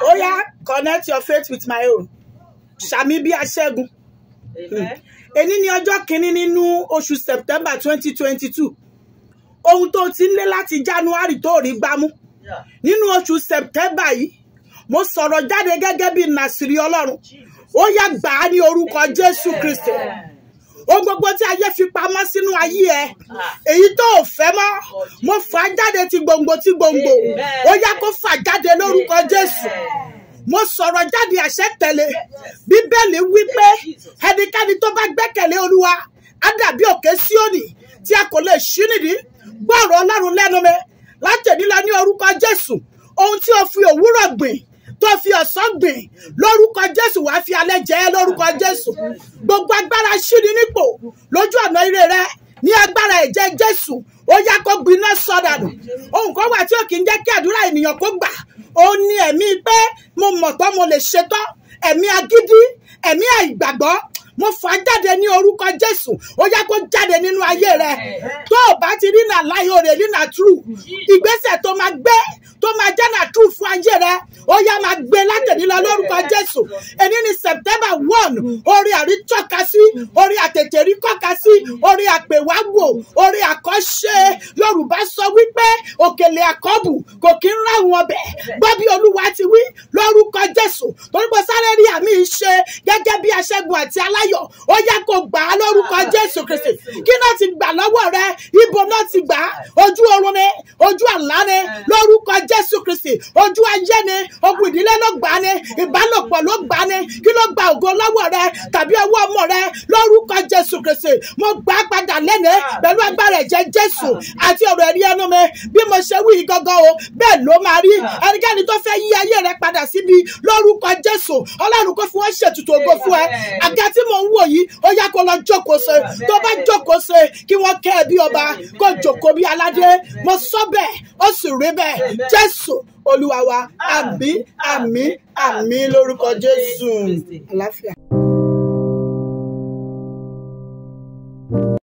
ó oh, yá connect your faith with my own ṣàmì bí aṣẹ́gun Eni ni ọjọ́ kìíní nínú oṣù september twenty twenty two ohun tó ti ń lé january tó rí gbámú nínú oṣù september yìí mo sọ̀rọ̀ jáde gẹ́gẹ́ bí nàṣírí ọlọ́run ó yá gbà á ní orúkọ kristi ohun gbogbo tí ayé pamọ́ sínú ayé ẹ ah. èyí tó o fẹ́ mọ́ mo fà á jáde ti gbòǹgbò ti gbòǹgbò ó yá kó fà jáde lórúkọ Jésù mo sọ̀rọ̀ jáde àṣẹ tẹ̀lé bíbélì wípé ẹnikẹ́ni tó bá gbẹ́kẹ̀lé olúwa á dàbí òkè síónì tí a kò lè ṣí nìdí gbọ́rọ̀ ọlọ́run lẹ́nu mi látẹ̀dílẹ̀ ní orúkọ Jésù ohun tí o fi òwúrọ̀ gbìn tó fi ọ̀sán gbìn lórúkọ jésù wàá fi alẹ́ jẹ́ lórúkọ jésù gbogbo agbára ṣíni nípò lójú ọ̀nà ire rẹ ní agbára ẹ̀jẹ̀ jésù ó yá kó gbiná sọdànù ohun kan wà tí ò kì í jẹ́ kí àdúrà ènìyàn kó gbà ó ní ẹ̀mí pé mo mọ̀ tán mo lè ṣetán ẹ̀mí agídí ẹ̀mí àìgbàgbọ́ mo fà jáde ní orúkọ jésù ó yá kó jáde nínú ayé rẹ tó o bá ti rí nà láyé òrè rí nà túrù ìgbésẹ̀ tó máa gbé tó máa jẹ́ náà tú fún ayé rẹ ó yá máa gbé látẹ̀lí lọ lórúkọ jésù èní ni september one orí àrítọ́ka sí orí àtètèrí kọ́ka sí orí àpèwágbò orí àkọ́ṣe yorùbá sọ wípé òkèlè àkọ́bù kò kí ń ráhùn ọbẹ̀ gbọ́ bí olúwa ti wí lórúkọ jésù torípọ̀ sáré rí àmì ìṣe gẹ́gẹ́ bí aṣẹ́gun àti aláyọ̀ ó yá kó gbà á lórúkọ jésù kristi kí náà ti gbà lọ́wọ́ rẹ ibo náà ti gbà ojú oorun ni ojú àlá ni lórúkọ jésù kristi ojú ayé ni ogun ìdílé ló gbà ni ìbálòpọ̀ ló gbà ni kí ló gba ògo lọ́wọ́ rẹ tàbí ọwọ́ ọmọ rẹ lórúkọ jésù kristi mo gbà padà lẹ́nu pẹ̀lú agbára ẹ̀jẹ̀ jésù àti ọ̀rọ̀ ẹ̀rí ẹnu mi bí mo ṣe wí gangan o bẹ́ẹ̀ ló máa rí ẹnikẹ́ni tó fẹ́ yí ayé rẹ padà síbi lórúkọ jésù ọlọ́run kò fi wọ́n ṣètùtù ògo fún ẹ àga tí mo ń wò yìí ó yá kó lọ jókòó ṣe tó bá jókòó ṣe kí wọ́n kẹ́ ẹ bí ọba kó jókòó bí aládé mo sọ bẹ́ẹ̀ ó sì rí bẹ́ẹ̀ jésù jésù olúwa wa ah, àmín ah, àmín ah, àmín lórúkọ jésù àlàáfíà.